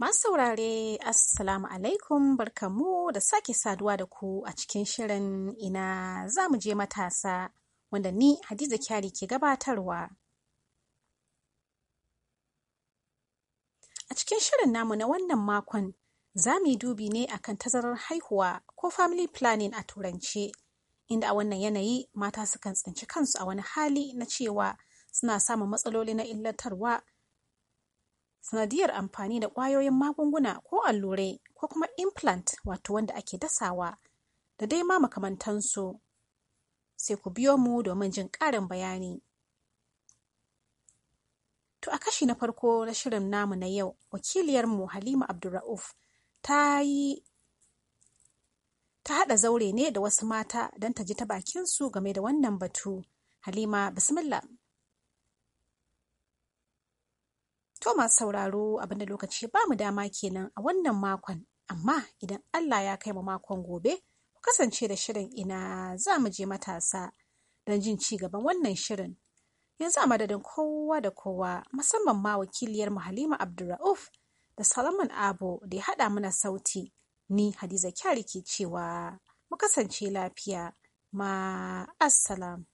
Masu saurare Assalamu alaikum barkamu da sake saduwa da ku a cikin shirin ina za mu je matasa wanda ni Hadiza Kyari ke gabatarwa. A cikin shirin namu na wannan makon za mu yi dubi ne akan tazarar haihuwa ko family planning a turance inda a wannan yanayi mata sukan tsinci kansu a wani hali na cewa suna samun matsaloli na illatarwa sanadiyar amfani da ƙwayoyin magunguna ko allurai ko kuma implant wato wanda ake dasawa da dai ma makamantansu sai ku biyo mu domin jin ƙarin bayani to a kashi na farko na shirin namu na yau wakiliyarmu halima abdulra'uf ta yi ta haɗa zaure ne da wasu mata don ta ji ta bakinsu game da wannan batu halima bismillah To masu sauraro abinda lokaci ba mu dama kenan a wannan makon, amma idan Allah ya kai mu makon gobe, ku kasance da shirin ina za mu je matasa don jin ci gaban wannan shirin. Yanzu a madadin kowa da kowa musamman ma wakiliyar mu Halima Abdulra'uf da Salman Abo da ya haɗa mana sauti ni Hadiza Kyari ke cewa mu kasance lafiya ma assalam.